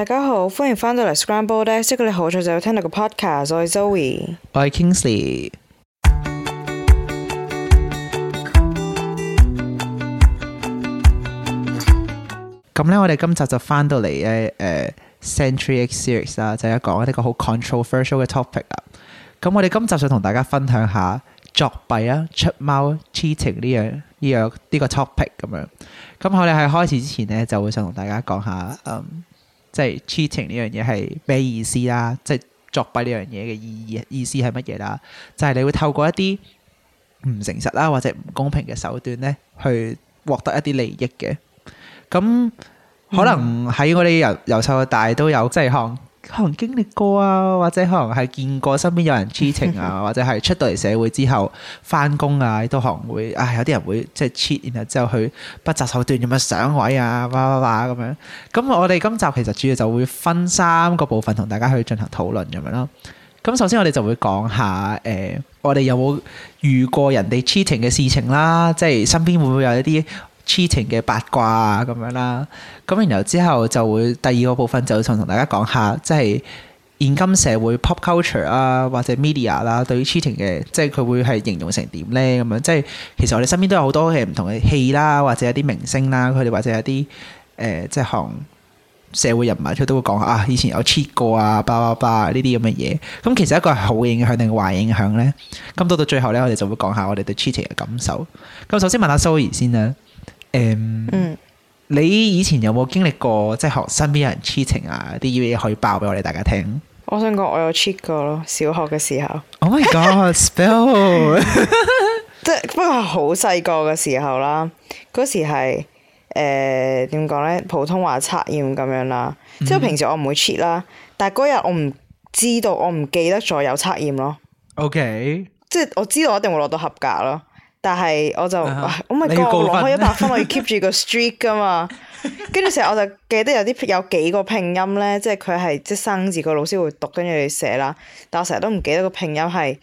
大家好，歡迎翻到嚟 Scrambled Eggs。你好彩就有聽到個 podcast。我係 Zoe，我係 Kingsley。咁咧，我哋今集就翻到嚟咧，誒，Century Egg Series 啦，就係講呢個好 controversial 嘅 topic 啊。咁我哋今集想同大家分享下作弊啊、出貓、cheating 呢樣、呢樣呢個 topic 咁樣。咁我哋喺開始之前咧，就會想同大家講下，嗯。即係 cheating 呢樣嘢係咩意思啦、啊？即、就、係、是、作弊呢樣嘢嘅意義意思係乜嘢啦？就係、是、你會透過一啲唔誠實啦，或者唔公平嘅手段咧，去獲得一啲利益嘅。咁可能喺我哋由、嗯、由細到大都有、嗯、即係行。可能經歷過啊，或者可能係見過身邊有人 cheating 啊， 或者係出到嚟社會之後返工啊，都可能會，唉、哎，有啲人會即係 cheat，然後之後去不擇手段咁樣上位啊，哇哇哇咁樣。咁我哋今集其實主要就會分三個部分同大家去進行討論咁樣咯。咁首先我哋就會講下，誒、呃，我哋有冇遇過人哋 cheating 嘅事情啦？即係身邊會唔會有一啲？cheating 嘅八卦啊，咁樣啦，咁然後之後就會第二個部分就會想同大家講下，即係現今社會 pop culture 啊，或者 media 啦，對於 cheating 嘅即係佢會係形容成點咧咁樣？即係其實我哋身邊都有好多嘅唔同嘅戲啦，或者一啲明星啦，佢哋或者有啲誒即係行社會人物，佢都會講啊，以前有 cheat 過啊，吧吧吧呢啲咁嘅嘢。咁其實一個係好影響定壞影響咧？咁到到最後咧，我哋就會講下我哋對 cheating 嘅感受。咁首先問下 Zoe 先啦。誒，um, 嗯，你以前有冇經歷過即係學身邊人 cheating 啊？啲嘢，可以爆俾我哋大家聽。我想講我有 cheat 過咯，小學嘅時候。 Oh my god，spell！即係不過好細個嘅時候啦，嗰時係誒，點講咧？普通話測驗咁樣啦，嗯、即係平時我唔會 cheat 啦，但係嗰日我唔知道，我唔記得咗有測驗咯。OK，即係我知道一定會攞到合格咯。.但係我就，我咪過我攞開一百分，我要 keep 住個 streak 噶嘛。跟住成日我就記得有啲有幾個拼音咧，即係佢係即係生字個老師會讀，跟住你寫啦。但我成日都唔記得個拼音係誒、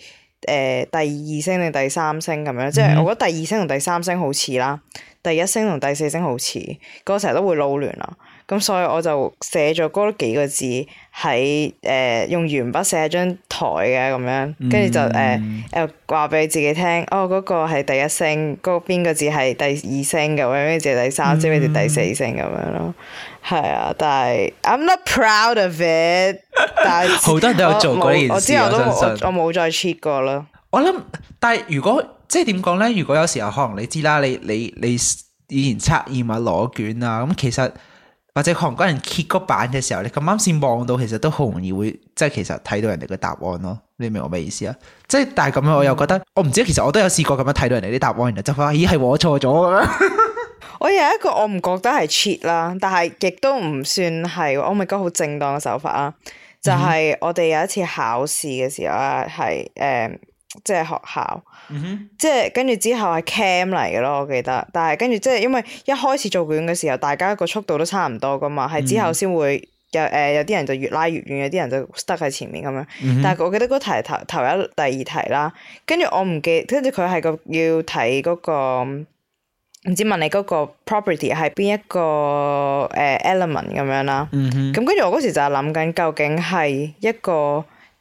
呃、第二聲定第三聲咁樣，即係、mm hmm. 我覺得第二聲同第三聲好似啦，第一聲同第四聲好似，嗰、那個成日都會撈亂啊。咁所以我就寫咗嗰幾個字喺誒、呃、用鉛筆寫一張台嘅咁樣，跟住就誒誒話俾自己聽，哦嗰、那個係第一聲，嗰邊個字係第二聲嘅，邊個字係第三，邊個字係第四聲咁、嗯、樣咯。係啊，但係 I'm not proud of it 但是。但係好多人都有做過呢件事，我之後都我冇再 check 過咯。我諗，但係如果即係點講咧？如果有時候可能你知啦，你你你以前測驗啊、攞卷啊，咁其實。其實或者韓國人揭個版嘅時候，你咁啱先望到，其實都好容易會，即係其實睇到人哋嘅答案咯。你明我咩意思啊？即係但係咁樣，我又覺得、嗯、我唔知，其實我都有試過咁樣睇到人哋啲答案，然後就發現咦係我錯咗咁樣。我有一個我唔覺得係 cheat 啦，但係亦都唔算係我咪講好正當嘅手法啊。就係、是、我哋有一次考試嘅時候啊，係誒即係學校。嗯、即係跟住之後係 cam 嚟嘅咯，我記得。但係跟住即係因為一開始做卷嘅時候，大家個速度都差唔多㗎嘛。係之後先會有誒、嗯哼呃，有啲人就越拉越遠，有啲人就 stuck 喺前面咁樣。嗯、哼但係我記得嗰題頭頭一第二題啦，跟住我唔記得，跟住佢係個要睇嗰個唔知問你嗰個 property 係邊一個誒 element 咁樣啦。咁跟住我嗰時就係諗緊究竟係一個。呃哼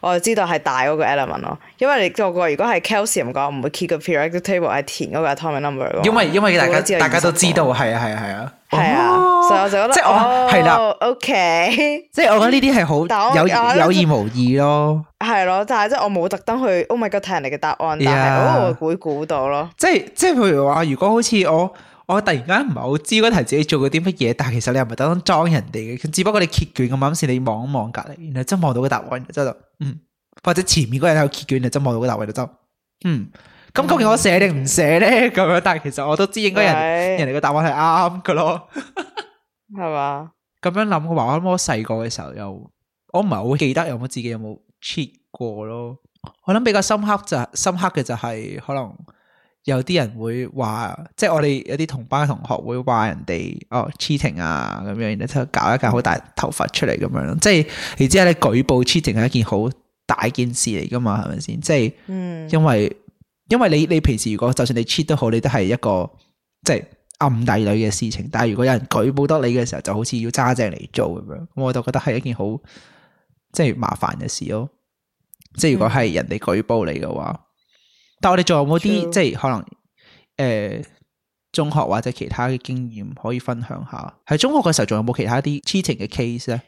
我就知道係大嗰個 element 咯，因為你個個如果係 calcium 嘅，我唔會 keep the table，個 periodic table 係填嗰個 atomic number 咯。因為，因為大家知大家都知道係啊係啊係啊係啊，啊，所以我就覺得，即係我係啦。O K，即係我覺得呢啲係好有意有意無意咯。係咯，啊，但係即係我冇特登去 oh my god 睇人哋嘅答案，Yeah. 但係我會估到咯。即係即係譬如話，如果好似我。我突然間唔係好知嗰題自己做過啲乜嘢，但係其實你又唔係特登裝人哋嘅，只不過你揭卷咁啱時，你望一望隔籬，然後真望到個答案，之後就嗯，或者前面嗰人有揭卷，就真望到個答案就真嗯，咁究竟我寫定唔寫咧？咁樣，但係其實我都知應該人吧人哋個答案係啱噶咯，係 嘛吧？咁樣諗，我話我細個嘅時候又我唔係好記得有冇自己有冇 cheat 過咯。我諗比較深刻就係、深刻嘅就係可能。有啲人會話，即係我哋有啲同班同學會話人哋哦 cheating 啊咁樣，然後就搞一搞好大頭髮出嚟咁樣，即係然之後你舉報 cheating 係一件好大件事嚟㗎嘛，係咪先？即係，嗯，因為因為你你平時如果就算你 cheat 都好，你都係一個即係暗底裏嘅事情。但係如果有人舉報得你嘅時候，就好似要揸正嚟做咁樣，我就覺得係一件好即係麻煩嘅事咯。即係如果係人哋舉報你嘅話。嗯但我哋仲有冇啲 True. 即係可能誒、呃、中學或者其他嘅經驗可以分享下？喺中學嘅時候仲有冇其他啲 cheating 嘅 case 咧？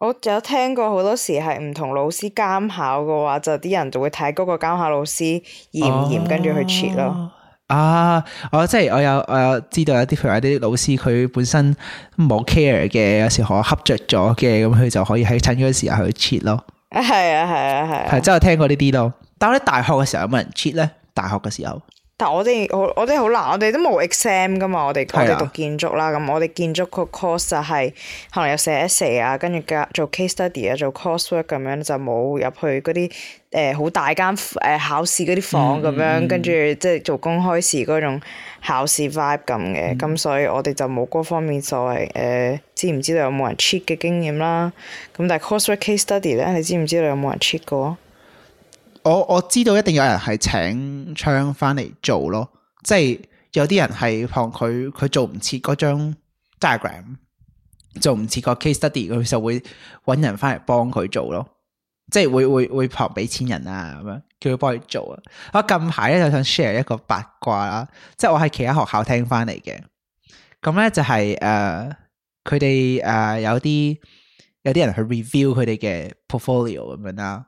我有聽過好多時係唔同老師監考嘅話，就啲人就會睇嗰個監考老師嚴唔嚴，跟住、oh. 去 cheat 咯。啊，ah, 我即係我有我有知道有啲譬如有啲老師佢本身冇 care 嘅，有時可恰着咗嘅，咁佢就可以喺趁嗰個時候去 cheat 咯。啊，係啊，係啊，係啊，即係我聽過呢啲咯。但係我哋大學嘅時候有冇人 cheat 咧？大學嘅時候，但係我哋我我哋好難，我哋都冇 exam 噶嘛。我哋的我哋讀建築啦，咁我哋建築個 course 就係、是、可能有寫 essay 啊，跟住做 case study 啊，做 coursework 咁樣就冇入去嗰啲誒好大間誒考試嗰啲房咁樣，嗯、跟住即係做公開試嗰種考試 vibe 咁嘅。咁、嗯、所以我哋就冇嗰方面所謂誒、呃、知唔知道有冇人 cheat 嘅經驗啦。咁但係 coursework case study 咧，你知唔知道有冇人 cheat 過？我我知道一定有人係請槍翻嚟做咯，即係有啲人係怕佢佢做唔切嗰張 diagram，做唔切個 case study，佢就會搵人翻嚟幫佢做咯，即係會會會拍俾錢人啊咁樣，叫佢幫佢做。我近排咧就想 share 一個八卦啦，即係我喺其他學校聽翻嚟嘅，咁咧就係誒佢哋誒有啲有啲人去 review 佢哋嘅 portfolio 咁樣啦。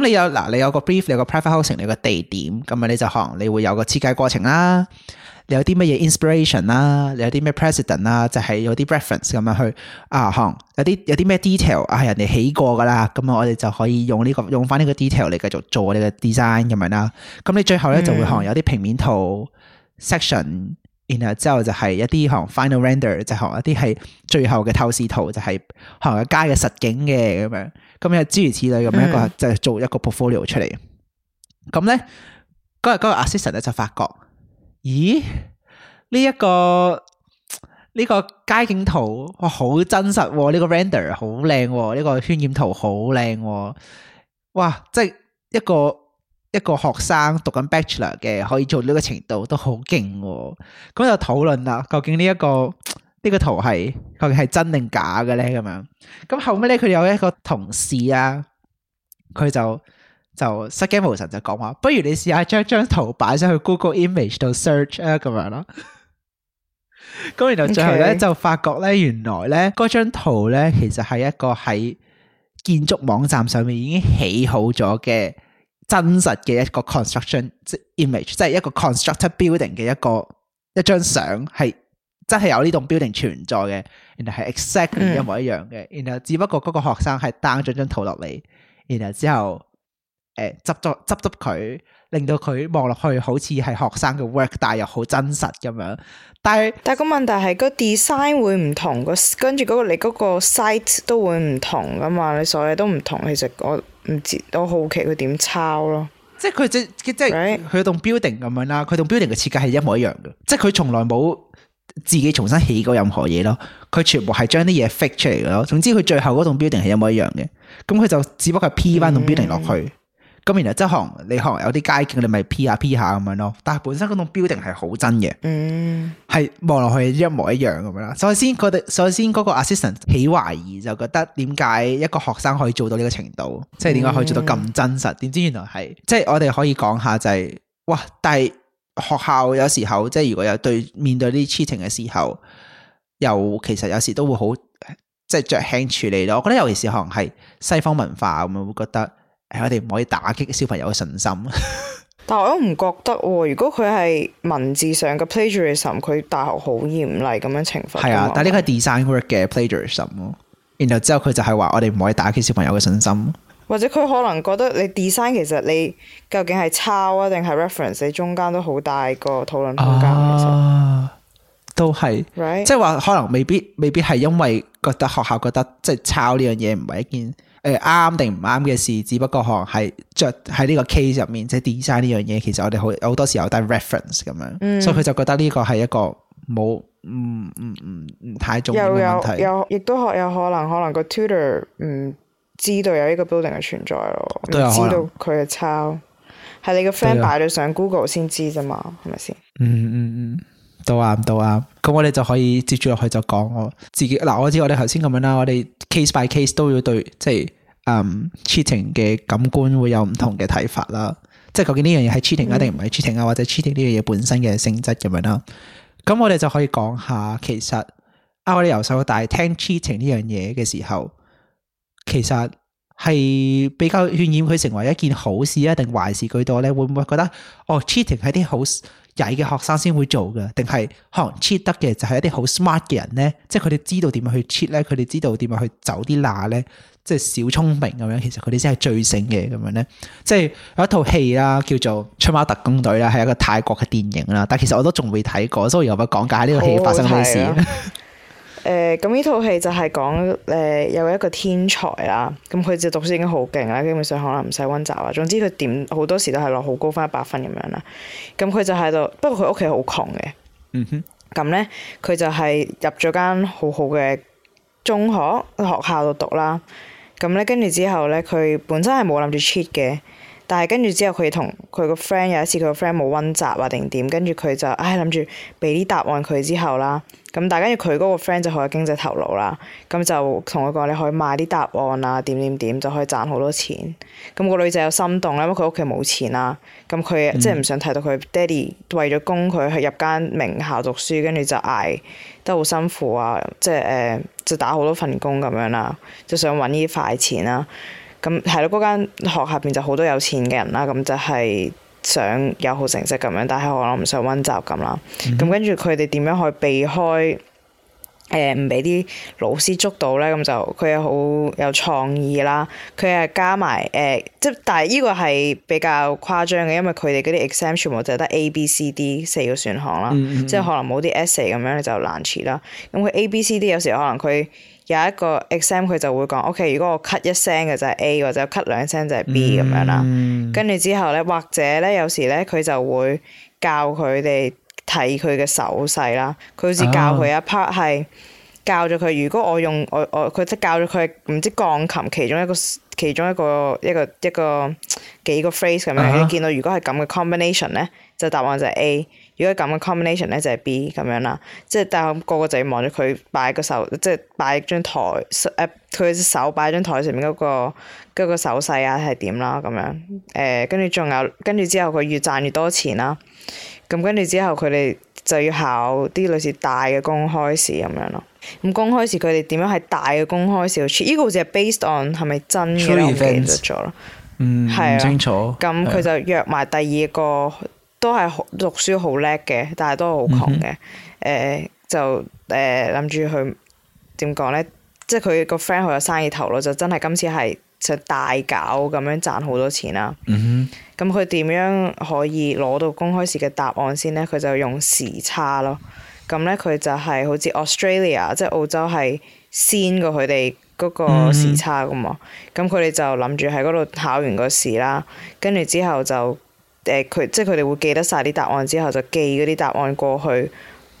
你有嗱，你有個 brief，你有個 private housing，你有個地點，咁咪你就可能你會有個設計過程啦。你有啲乜嘢 inspiration 啦，你有啲咩 precedent 啦，就係有啲 reference 咁樣去啊。行有啲有啲咩 detail 啊，人哋起過噶啦，咁啊我哋就可以用呢、呢個用翻呢個 detail 嚟繼續做我哋嘅 design 咁樣啦。咁你最後咧、嗯、就會可能有啲平面圖 section。然後之後就係一啲學 final render，就學一啲係最後嘅透視圖，就係、是、學街嘅實景嘅咁樣。咁又諸如此類咁樣、mm hmm.，就是、做一個 portfolio 出嚟。咁咧嗰日嗰個 assistant 咧就發覺，咦？呢、這、一個呢、這個街景圖哇，好真實喎、啊！呢、這個 render 好靚喎，呢、這個渲染圖好靚喎。哇！即係一個。一個學生讀緊 Bachelor 嘅，可以做到呢個程度都好勁喎。咁、哦、就討論啦，究竟呢、這、一個呢、這個圖係究竟係真定假嘅咧？咁樣咁後尾咧，佢有一個同事啊，佢就就，就失驚無神就講話，不如你試下將張圖擺上去 Google Image 度 search 啊，咁樣啦。咁 然後最後咧 Okay. 就發覺咧，原來咧嗰張圖咧其實係一個喺建築網站上面已經起好咗嘅。真實嘅一個 construction image，即係一個 constructor building 嘅一個一張相，係真係有呢棟 building 存在嘅，然後係 exactly 一模一樣嘅，嗯、然後只不過嗰個學生係 down 咗張圖落嚟，然後之後誒執作執執佢，令到佢望落去好似係學生嘅 work，但又好真實咁樣。但係但係個問題係、嗰個 design 會唔同，跟個跟住嗰個你嗰個 site 都會唔同噶嘛，你所有都唔同。其實我唔知，都好奇佢點抄咯？即係佢 Right? 即係佢即係佢棟 building 咁樣啦，佢棟 building 嘅設計係一模一樣嘅，即係佢從來冇自己重新起過任何嘢咯，佢全部係將啲嘢 fix 出嚟嘅咯。總之佢最後嗰棟 building 係一模一樣嘅，咁佢就只不過 P 翻棟 building 落去。嗯咁然後即係行你可能有啲街景，你咪 P 下 P 下咁樣咯。但係本身嗰種 building 係好真嘅，嗯，係望落去一模一樣咁樣啦。首先佢哋，首先嗰個 assistant 起懷疑，就覺得點解一個學生可以做到呢個程度？即係點解可以做到咁真實，點知原來係，即係我哋可以講下就係、是、哇！但係學校有時候即係如果有對面對呢啲 cheating 嘅時候，又其實有時都會好即係着輕處理咯。我覺得尤其是可能係西方文化咁樣會覺得。係、哎、我哋唔可以打擊小朋友嘅信心。但係我唔覺得，如果佢係文字上嘅 plagiarism，佢大學好嚴厲咁樣懲罰。係啊，但係呢個係 design work 嘅 plagiarism 咯。然後之後佢就係話，我哋唔可以打擊小朋友嘅信心。或者佢可能覺得你 design 其實你究竟係抄啊定係 reference，你中間都好大個討論空間。啊，都係，Right? 即係話可能未必未必係因為覺得學校覺得即係抄呢樣嘢唔係一件。誒，啱定唔啱嘅事，嗯嗯嗯、只不過可能係着喺呢個 case 入面，即、就、係、是、design 呢樣嘢，其實我哋好好多時候帶 reference 咁樣，所以佢就覺得呢個係一個冇唔唔唔唔太重要嘅有有亦都可有可能可能個 tutor 唔知道有呢個 building 嘅存在咯，唔知道佢係抄，係、啊、你個 friend 擺到上 Google 先知啫嘛，係咪先？嗯嗯嗯。到啊，唔到啊，咁、啊、我哋就可以接住落去就講我自己。嗱，我知我哋頭先咁樣啦，我哋 case by case 都要對，即係嗯 cheating 嘅感官會有唔同嘅睇法啦。即係究竟呢樣嘢係 cheating 啊，定唔係 cheating 啊，或者 cheating 呢樣嘢本身嘅性質咁樣啦。咁、嗯、我哋就可以講下，其實啊，我哋由細到大聽 cheating 呢樣嘢嘅時候，其實係比較渲染佢成為一件好事啊，定壞事居多咧？會唔會覺得哦，cheating 係啲好曳嘅學生先會做嘅，定係可能 cheat 得嘅就係一啲好 smart 嘅人咧？即係佢哋知道點樣去 cheat 咧，佢哋知道點樣去走啲罅咧，即係小聰明咁樣。其實佢哋先係最醒嘅咁樣咧。即係有一套戲啦，叫做《出貓特工隊》啦，係一個泰國嘅電影啦，但其實我都仲未睇過，所以而家我講解呢個戲發生咩事，哦。 誒咁呢套戲就係講誒有一個天才啦，咁佢就讀書已經好勁啦，基本上可能唔使温習啦。總之佢點好多時都係落好高翻一百分咁樣啦。咁佢就喺度，不過佢屋企好窮嘅。嗯哼。咁咧，佢就係入咗間好好嘅中學學校度讀啦。咁咧，跟住之後咧，佢本身係冇諗住 cheat 嘅。但係跟住、啊、之後，佢同佢個 friend 有一次，佢個 friend 冇温習啊定點，跟住佢就唉諗住俾啲答案佢之後啦。咁但係跟住佢嗰個 friend 就好有經濟頭腦啦。咁就同佢講，你可以賣啲答案啊，點點點就可以賺好多錢。咁、嗰個女仔又心動啦，因為佢屋企冇錢啦。咁佢即係唔想睇到佢爹哋為咗供佢去入間名校讀書，跟住就捱都好辛苦啊，即係誒，即、呃、打好多份工咁樣啦，就想揾啲快錢啦、啊。咁係咯，嗰間學校入邊就好多有錢嘅人啦，咁就係想有好成績咁樣，但係可能唔想温習咁啦。咁跟住佢哋點樣去避開？誒唔俾啲老師捉到咧，咁就佢又好有創意啦。佢係加埋誒，即、呃、但係呢個係比較誇張嘅，因為佢哋嗰啲 exam 全部就係得 A、B、C、D 四個選項啦，嗯嗯即係可能冇啲 essay 咁樣就難似啦。咁佢 A、B、C、D 有時可能佢有一個 exam 佢就會講 OK，如果我咳一聲嘅就係 A，或者咳兩聲就係 B 咁、嗯、樣啦。跟住之後咧，或者咧有時咧佢就會教佢哋。睇佢嘅手勢啦，佢好似教佢一 part 係教咗佢，如果我用我我佢即係教咗佢唔知鋼琴其中一個其中一個一個一個幾個 phrase 咁樣、uh。你、huh。見到如果係咁嘅 combination 咧，就答案就係 A；如果係咁嘅 combination 咧，就係 B 咁樣啦。即係但係個個就要望住佢擺個手，即係擺張台誒，佢、呃、隻手擺張台上面嗰、那個嗰、那個手勢啊，係點啦咁樣誒，跟住仲有，跟住之後，佢越賺越多錢啦。咁跟住之後，佢哋就要考啲類似大嘅公開試咁樣咯。咁公開試佢哋點樣喺大嘅公開試？呢、呢個好似係 based on 係咪真嘅？True 我唔記得咗啦。嗯，係啊。清楚。咁佢、嗯啊、就約埋第二個，都係好讀書好叻嘅，但係都好窮嘅。誒、嗯哼呃、就誒諗住去點講咧？即係佢個 friend 佢有生意頭腦，就真係今次係。就大搞咁樣賺好多錢啦。咁佢點樣可以攞到公開試嘅答案先呢？佢就用時差咯。咁呢，佢就係好似 Australia，即係澳洲係先過佢哋嗰個時差噶嘛。咁佢哋就諗住喺嗰度考完個試啦，跟住之後就誒佢、呃、即係佢哋會記得晒啲答案之後，就寄嗰啲答案過去。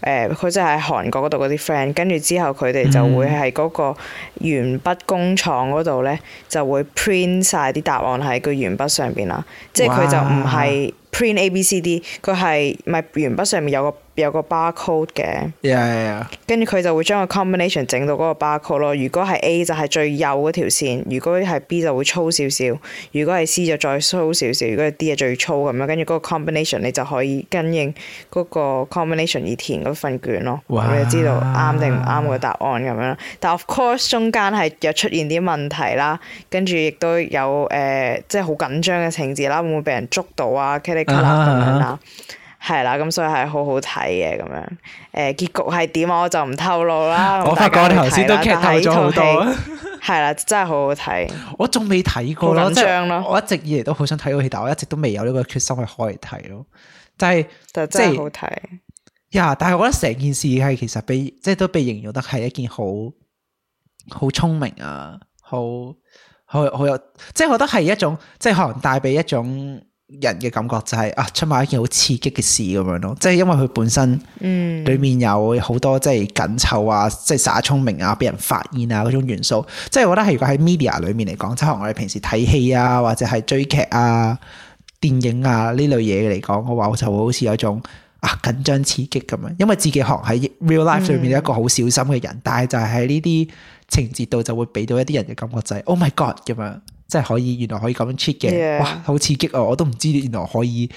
誒，佢、呃、就係韓國嗰度嗰啲 friend，跟住之後佢哋就會喺嗰個鉛筆工廠嗰度咧，就會 print 曬啲答案喺個鉛筆上邊啦。即係佢就唔係 print A B C D，佢係咪鉛筆上面有個？有個 barcode 嘅，yeah, yeah, yeah. 跟住佢就會將個 combination 整到嗰個 barcode 咯。如果係 A 就係最幼嗰條線，如果係 B 就會粗少少，如果係 C 就再粗少少，如果係 D 就最粗咁樣。跟住嗰個 combination 你就可以跟應嗰個 combination 而填嗰份卷咯，你哇就知道啱定唔啱個答案咁樣。但係 of course 中間係有出現啲問題啦，跟住亦都有誒、呃，即係好緊張嘅情節啦，會唔會被人捉到、uh huh. 啊啦。Huh. 係啦，咁所以係好好睇嘅咁樣，誒結局係點我就唔透露啦。我發覺你頭先都劇透咗好多，係啦， 真係好好睇。我仲未睇過張咯，我一直以嚟都好想睇套戲，但係我一直都未有呢個決心去開嚟睇咯。就係、是就是，但真係好睇。呀，但係我覺得成件事係其實被即係、就是、都被形容得係一件好好聰明啊，好好好有，即、就、係、是、我覺得係一種即係、就是、可能帶俾一種。人嘅感覺就係啊，出貓一件好刺激嘅事咁樣咯，即係因為佢本身嗯裏面有好多、嗯、即係緊湊啊，即係耍聰明啊，俾人發現啊嗰種元素，即係我覺得係如果喺 media 裏面嚟講，即係我哋平時睇戲啊，或者係追劇啊、電影啊呢類嘢嚟講，嘅話我就會好似有一種啊緊張刺激咁樣，因為自己行喺 real life 裏面一個好小心嘅人，嗯、但係就係喺呢啲情節度就會俾到一啲人嘅感覺就係、嗯、oh my god 咁樣。即係可以，原來可以咁樣 cheat 嘅，Yeah. 哇！好刺激啊、哦！我都唔知原來可以，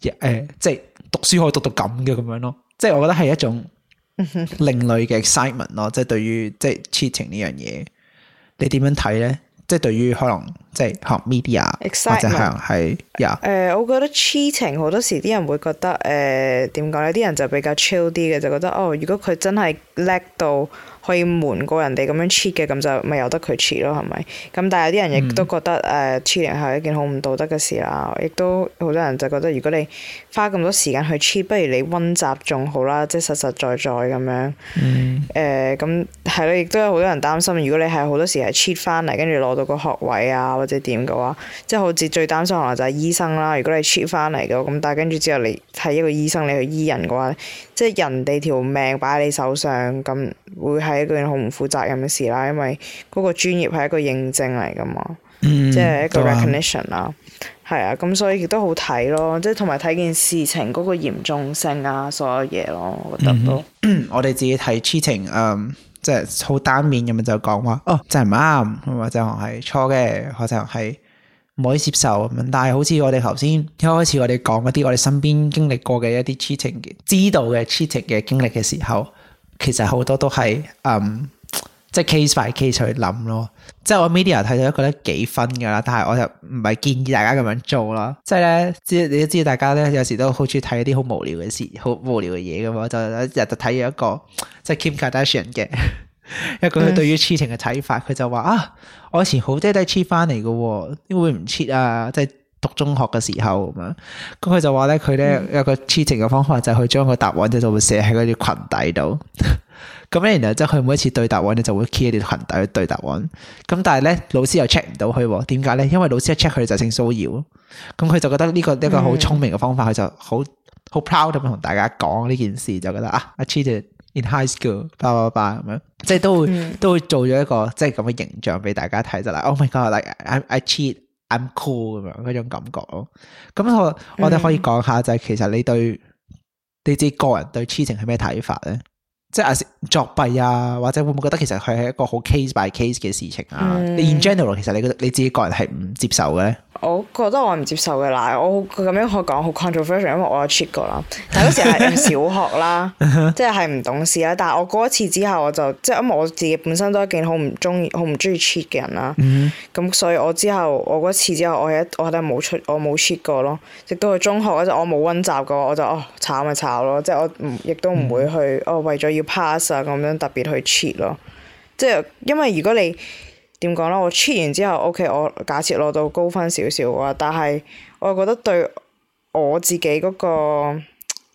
誒、呃，即係讀書可以讀到咁嘅咁樣咯。即係我覺得係一種另類嘅 excitement 咯。即係對於即係 cheating 呢樣嘢，你點樣睇咧？即係對於可能即係學 media，或者係係有誒，我覺得 cheating 好多時啲人會覺得誒點講咧？啲、呃、人就比較 chill 啲嘅，就覺得哦，如果佢真係叻到。可以瞞過人哋咁樣 cheat 嘅，咁就咪由得佢 cheat 咯，係咪咁？但係有啲人亦都覺得誒 cheating 係一件好唔道德嘅事啦。亦都好多人就覺得，如果你花咁多時間去 cheat，不如你溫習仲好啦，即係實實在在咁樣誒。咁係咯，亦都有好多人擔心，如果你係好多時係 cheat 翻嚟，跟住攞到個學位啊，或者點嘅話，即係好似最擔心可能就係醫生啦。如果你 cheat 翻嚟嘅咁，但係跟住之後你係一個醫生，你去醫人嘅話，即係人哋條命擺喺你手上咁。會係一件好唔負責任嘅事啦，因為嗰個專業係一個認證嚟噶嘛，嗯、即係一個 recognition 啦，係啊，咁、啊、所以亦都好睇咯，即係同埋睇件事情嗰個嚴重性啊，所有嘢咯、啊，我覺得都、嗯、我哋自己睇 cheating，誒，即係好單面咁樣就講話哦，真係唔啱，或者我係錯嘅，或者我係唔可以接受咁樣，但係好似我哋頭先一開始我哋講一啲我哋身邊經歷過嘅一啲 cheating，知道嘅 cheating 嘅經歷嘅時候。其實好多都係，嗯、um,，即係 case by case 去諗咯。即係我 media 睇到一個咧幾分噶啦，但係我就唔係建議大家咁樣做咯。即係咧，你知你都知道，大家咧有時都好中意睇一啲好無聊嘅事，好無聊嘅嘢噶嘛。就日日睇咗一個即係 Kim Kardashian 嘅， 一個佢對於 cheating 嘅睇法，佢、嗯、就話啊，我以前好爹都係 cheat 翻嚟噶，點會唔 cheat 啊？即係。讀中學嘅時候咁樣，咁佢就話咧，佢咧有個 cheating 嘅方法就係去將個答案咧就會寫喺嗰啲群底度。咁咧，然後即係佢每一次對答案咧就會 key 喺啲群底去對答案。咁但係咧，老師又 check 唔到佢，點解咧？因為老師一 check 佢就性騷擾。咁佢就覺得呢個呢個好聰明嘅方法，佢就好好 proud 咁同大家講呢件事，就覺得啊，I cheated in high school，叭叭叭咁樣，即係都會都會做咗一個即係咁嘅形象俾大家睇就啦。Oh my god，like I cheat。I'm cool 咁樣嗰種感覺咯，咁我 我哋可以講下就係其實你對，你自己個人對 cheating 係咩睇法咧？即係作弊啊，或者會唔會覺得其實佢係一個好 case by case 嘅事情啊？你 in general 其實你覺得你自己個人係唔接受嘅咧？我覺得我唔接受嘅啦，我佢咁樣可以講好 controversial，因為我有 cheat 過啦。但係嗰時係小學啦，即係係唔懂事啦。但係我過一次之後我就即係因為我自己本身都係、啊嗯、一件好唔中意、好唔中意 cheat 嘅人啦。咁所以我之後我嗰次之後我係我係都冇出我冇 cheat 過咯。直到去中學嗰陣我冇温習嘅我就哦慘咪炒咯，即係我亦都唔會去哦為咗要。Pass 啊，咁樣特別去 cheat 咯，即係因為如果你點講咧，我 cheat 完之後，OK，我假設攞到高分少少啊。但係我覺得對我自己嗰、嗰個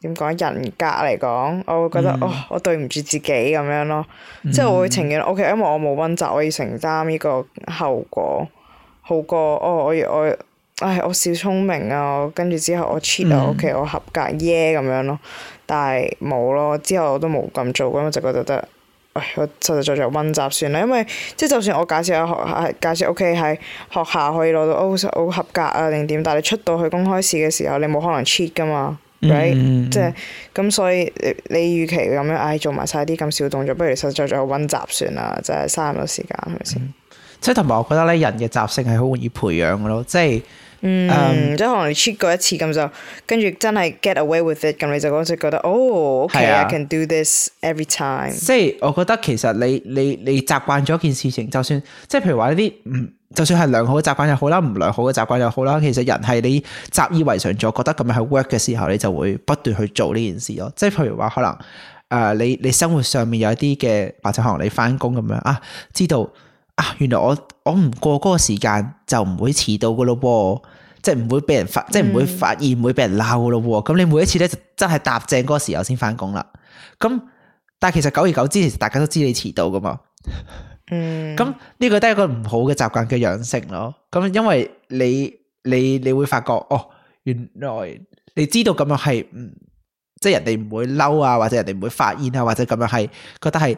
點講人格嚟講，我會覺得、嗯、哦，我對唔住自己咁樣咯，即係我會情願、嗯、OK，因為我冇温習，我要承擔呢個後果，好過哦，我我唉，我小、哎、聰明啊，跟住之後我 cheat 啊、嗯、OK，我合格耶咁、yeah，樣咯。但係冇咯，之後我都冇咁做，咁我就覺得得，唉，我實實在在温習算啦，因為即係就算我假設喺學喺假設屋企喺學校可以攞到好、哦、合格啊定點，但你出到去公開試嘅時候，你冇可能 cheat 噶嘛、嗯、即係咁所以你你與其咁樣，唉，做埋晒啲咁小動作，不如實實在在温習算啦，就係嘥咁多時間係咪先？即係同埋我覺得咧，人嘅習性係好容易培養嘅咯，即係。嗯，即係可能你 check 過一次咁就，跟住真係 get away with it，咁你就開始覺得哦，OK，I can do this every time。即係我覺得其實你你你習慣咗一件事情，就算即係譬如話一啲，嗯，就算係良好嘅習慣又好啦，唔良好嘅習慣又好啦，其實人係你習以為常咗，覺得咁樣係 work 嘅時候，你就會不斷去做呢件事咯。即係譬如話可能誒、呃，你你生活上面有一啲嘅，或者可能你返工咁樣啊，知道。啊！原來我我唔過嗰個時間就唔會遲到噶咯，即係唔會俾人發，嗯、即係唔會發現唔會俾人鬧噶咯。咁你每一次咧，就真係搭正嗰個時候先翻工啦。咁但係其實久而久之，其實大家都知你遲到噶嘛。嗯。咁呢、這個都係一個唔好嘅習慣嘅養成咯。咁因為你你你，你會發覺哦，原來你知道咁樣係唔、嗯、即係人哋唔會嬲啊，或者人哋唔會發現啊，或者咁樣係覺得係。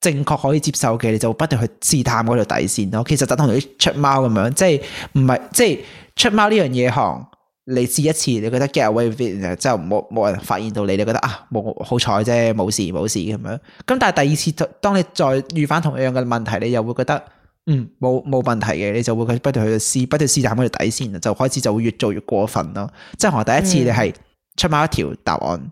正確可以接受嘅，你就不停去試探嗰條底線咯。其實就同你出貓咁樣，即係唔係即係出貓呢樣嘢行，你試一次，你覺得 get away with it，然之後冇冇人發現到你，你覺得啊冇好彩啫，冇事冇事咁樣。咁但係第二次，當你再遇翻同樣嘅問題，你又會覺得嗯冇冇問題嘅，你就會不停去試，不停試探嗰條底線，就開始就會越做越過分咯。即係我第一次你係出貓一條答案。嗯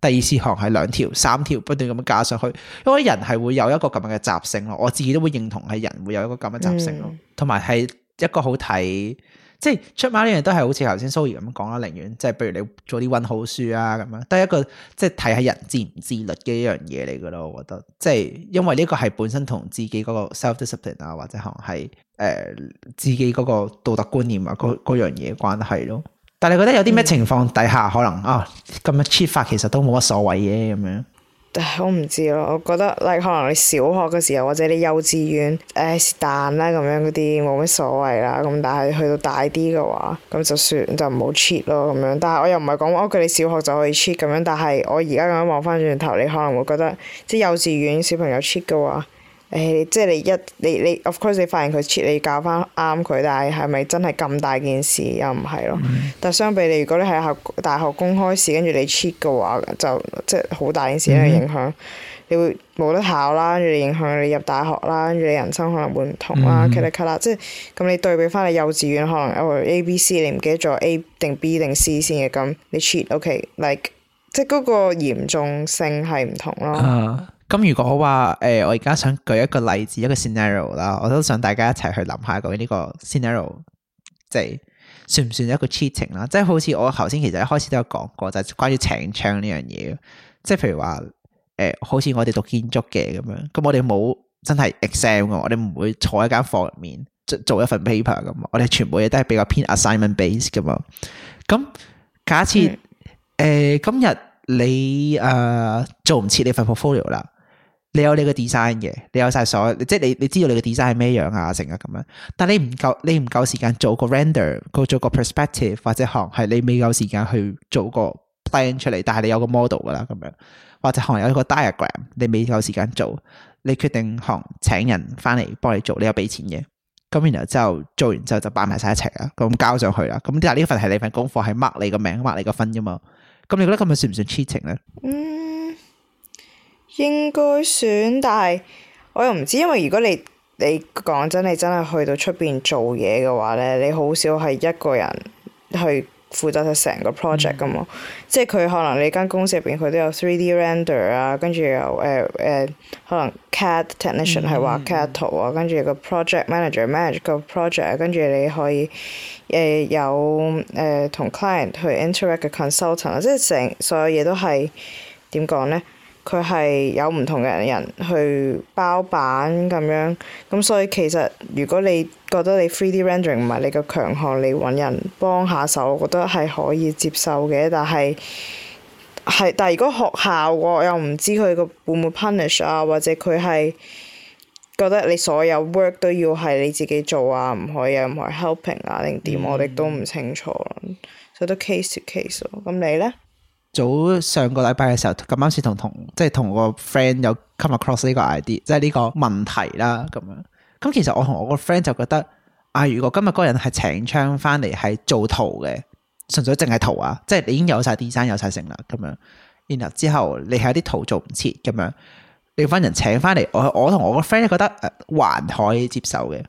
第二次行係兩條、三條，不斷咁樣加上去，因為人係會有一個咁樣嘅習性咯。我自己都會認同係人會有一個咁嘅習性咯，同埋係一個好睇，即係出貓呢樣都係好似頭先 Zoe 咁樣講啦，寧願即係，比如你做啲溫好書啊咁樣，都係一個即係睇下人自唔自律嘅一樣嘢嚟噶咯。我覺得，即係因為呢個係本身同自己嗰個 self discipline 啊，或者可能係誒自己嗰個道德觀念啊，嗰嗰樣嘢關係咯。但係你覺得有啲咩情況底下，嗯、可能啊咁樣 cheat 法其實都冇乜所謂嘅咁樣？誒，我唔知咯，我覺得你可能你小學嘅時候或者你幼稚園誒、呃、是但啦咁樣，嗰啲冇乜所謂啦。咁但係去到大啲嘅話，咁就算就唔好 cheat 咯咁樣。但係我又唔係講我叫你小學就可以 cheat 咁樣。但係我而家咁樣望翻轉頭，你可能會覺得即係幼稚園小朋友 cheat 嘅話。誒、哎，即係你一你你，of course 你發現佢 cheat 你教翻啱佢，但係係咪真係咁大件事又唔係咯？Mm hmm. 但相比你，如果你喺考大學公開試跟住你 cheat 嘅話，就即係好大件事因為影響，mm hmm. 你會冇得考啦，跟住你影響你入大學啦，跟住你人生可能會唔同啦，啦、mm hmm. 即係咁你對比翻你幼稚園可能 A, B, C, A B C 你唔記得咗 A 定 B 定 C 先嘅咁，你 cheat, OK, like 即係嗰個嚴重性係唔同咯。Uh. 咁如果我話誒，我而家想舉一個例子，一個 scenario 啦，我都想大家一齊去諗下究竟呢個 scenario 即係算唔算一個 cheating 啦？即係好似我頭先其實一開始都有講過，就係、是、關於請槍呢樣嘢。即係譬如話誒、欸，好似我哋讀建築嘅咁樣，咁我哋冇真係 exam 嘅，我哋唔會坐喺間房入面做一份 paper 噶我哋全部嘢都係比較偏 assignment based 噶嘛。咁假設誒、嗯欸，今日你誒、呃、做唔切你份 portfolio 啦。你有你個 design 嘅，你有晒所有，即係你你知道你個 design 係咩樣啊，成日咁樣。但係你唔夠，你唔夠時間做個 render，佢做個 perspective，或者可能係你未夠時間去做個 plan 出嚟，但係你有個 model 噶啦，咁樣或者可能有一個 diagram，你未夠時間做，你決定可能請人翻嚟幫你做，你有俾錢嘅。咁然後之後做完之後就擺埋晒一齊啦，咁交上去啦。咁但係呢份係你份功課，係 mark 你個名，mark 你個分啫嘛。咁你覺得咁樣算唔算 cheating 咧？嗯應該選，但係我又唔知，因為如果你你講真，你真係去到出邊做嘢嘅話咧，你好少係一個人去負責佢成個 project 噶嘛。嗯、即係佢可能你間公司入邊，佢都有 three D render 啊，跟住又誒誒，可能 CAD technician 係畫 CAD 圖啊，跟住、嗯、個 project manager manage 個 project，跟住你可以誒、呃、有誒同、呃、client 去 interact 嘅 consultant 啊，即係成所有嘢都係點講咧？佢係有唔同嘅人去包辦咁樣，咁所以其實如果你覺得你 3D rendering 唔係你嘅強項，你揾人幫下手，我覺得係可以接受嘅，但係係但係如果學校我又唔知佢個會唔會 punish 啊，或者佢係覺得你所有 work 都要係你自己做啊，唔可以有任何 helping 啊定點，ping, mm hmm. 我哋都唔清楚，所以都 case to case 咯。咁你呢？早上個禮拜嘅時候咁啱先同同即係同個 friend 有 come across 呢個 idea，即係呢個問題啦咁樣。咁其實我同我個 friend 就覺得啊，如果今日嗰人係請槍翻嚟係做圖嘅，純粹淨係圖啊，即係你已經有曬 design 有晒城啦咁樣。然後之後你係有啲圖做唔切咁樣，你翻人請翻嚟，我我同我個 friend 覺得誒還可以接受嘅。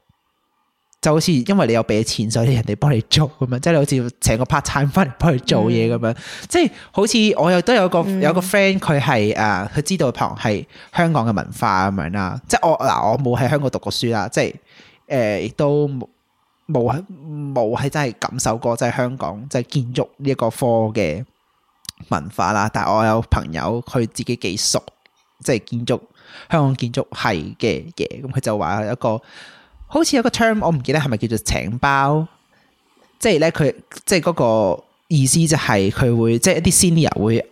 就好似因為你有俾錢，所以人哋幫你做咁樣，即係你好似請個 part time 翻嚟幫你做嘢咁樣。嗯、即係好似我又都有個、嗯、有個 friend，佢係誒，佢知道旁係香港嘅文化咁樣啦。即係我嗱，我冇喺香港讀過書啦。即係亦都冇冇冇係真係感受過即係香港即係建築呢一個科嘅文化啦。但係我有朋友佢自己幾熟，即係建築香港建築系嘅嘢，咁佢就話一個。好似有個 term，我唔記得係咪叫做請包，即係咧，佢即係嗰個意思就係佢會即係一啲 senior 會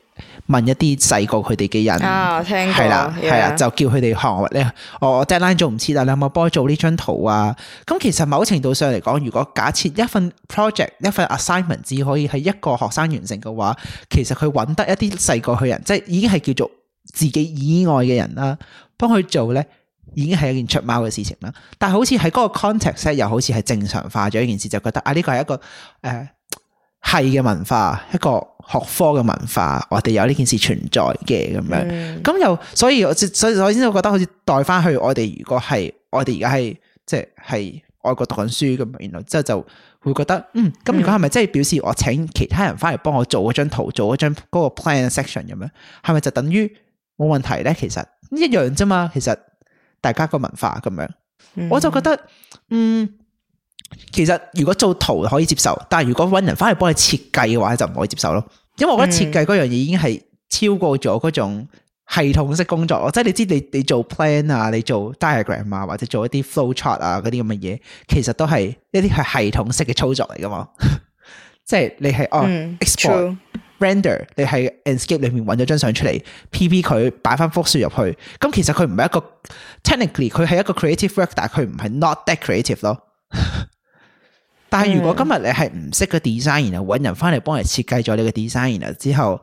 問一啲細過佢哋嘅人啊，聽係啦，係啦的的，就叫佢哋學咧。我 deadline 做唔切，但你可唔可幫我做呢張圖啊？咁其實某程度上嚟講，如果假設一份 project、一份 assignment 只可以係一個學生完成嘅話，其實佢搵得一啲細過佢人，即係已經係叫做自己以外嘅人啦，幫佢做咧。已經係一件出貓嘅事情啦，但係好似喺嗰個 context 又好似係正常化咗一件事，就覺得啊呢個係一個誒係嘅文化，一個學科嘅文化，我哋有呢件事存在嘅咁樣，咁又、嗯、所以所以所以所以我先覺得好似代翻去我哋如果係我哋而家係即係外國讀緊書咁，原來之後就,就會覺得嗯咁如果係咪即係表示我請其他人翻嚟幫我做嗰張圖，做嗰張嗰個 plan section 咁樣，係咪就等於冇問題咧？其實一樣啫嘛，其實、嗯。大家個文化咁樣、嗯，我就覺得嗯，其實如果做圖可以接受，但係如果搵人翻嚟幫你設計嘅話，就唔可以接受咯。因為我覺得設計嗰樣嘢已經係超過咗嗰種系統式工作咯。嗯、即係你知你，你你做 plan 啊，你做 diagram 啊，或者做一啲 flow chart 啊嗰啲咁嘅嘢，其實都係一啲係系統式嘅操作嚟噶嘛。 即係你係哦、嗯、export。render 你喺 Enscape 裏面揾咗張相出嚟，pp 佢擺翻幅數入去，咁其實佢唔係一個 technically 佢係一個 creative work，但係佢唔係 not that creative 咯。 但係如果今日你係唔識個 design，然後揾人翻嚟幫你設計咗你個 design，然後之後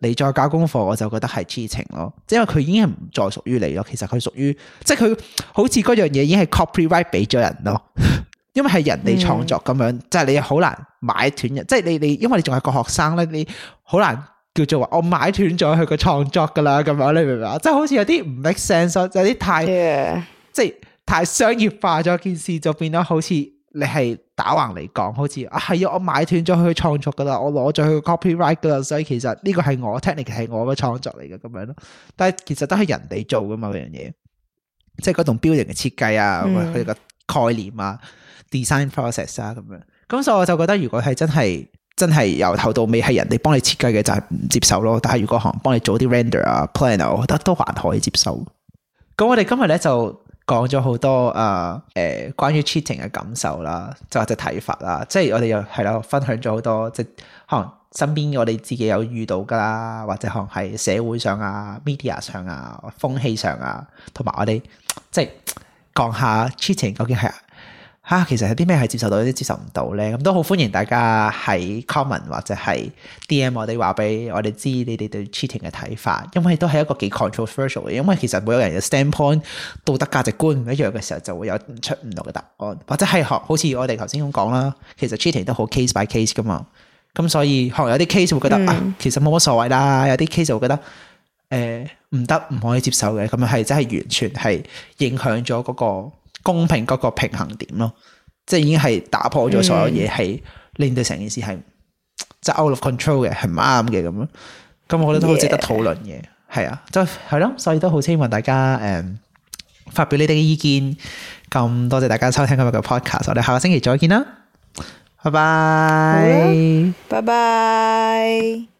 你再搞功課，我就覺得係痴情咯，因為佢已經係唔再屬於你咯。其實佢屬於即係佢好似嗰樣嘢已經係 copyright 俾咗人咯。 因為係人哋創作咁樣，即係、嗯、你好難買斷人，即係你你，你因為你仲係個學生咧，你好難叫做話我買斷咗佢個創作噶啦，咁樣你明唔明啊？即係好似有啲唔 make sense，有啲太即係耶 太商業化咗件事，就變咗好似你係打橫嚟講，好似啊係啊，我買斷咗佢創作噶啦，我攞咗佢個 copyright 噶啦，所以其實呢個係我 technically 係我嘅創作嚟嘅咁樣咯。但係其實都係人哋做噶嘛，嗰樣嘢，即係嗰棟標型嘅設計啊，佢個概念啊。嗯 design process 啊咁樣，咁所以我就覺得如果係真係真係由頭到尾係人哋幫你設計嘅就係唔接受咯，但係如果可能幫你做啲 render 啊，plan 啊，我覺得都還可以接受。咁我哋今日咧就講咗好多誒，誒、呃、關於 cheating 嘅感受啦，就或者睇法啦，即係我哋又係啦，分享咗好多即係可能身邊我哋自己有遇到噶啦，或者可能係社會上啊、media 上啊、風氣上啊，同埋我哋即係講下 cheating 究竟係。嚇、啊，其實有啲咩係接受到，有啲接受唔到咧。咁都好歡迎大家喺 comment 或者係 DM 我哋話俾我哋 知，你哋對 cheating 嘅睇法。因為都係一個幾 controversial 嘅，因為其實每個人嘅 standpoint 道德價值觀唔一樣嘅時候，就會有出唔同嘅答案。或者係學好似我哋頭先咁講啦，其實 cheating 都好 case by case 噶嘛。咁所以學有啲 case 會覺得、嗯、啊，其實冇乜所謂啦。有啲 case 會覺得誒唔得，唔、呃、可以接受嘅。咁樣係真係完全係影響咗嗰、那個。公平嗰個平衡點咯，即係已經係打破咗所有嘢，係令到成件事係即 out of control 嘅，係唔啱嘅咁咯。咁我覺得都好值得討論嘅，係啊，即係係咯，所以都好希望大家誒、嗯、發表你哋嘅意見。咁多謝大家收聽今日嘅 podcast，我哋下個星期再見啦，拜拜，拜拜。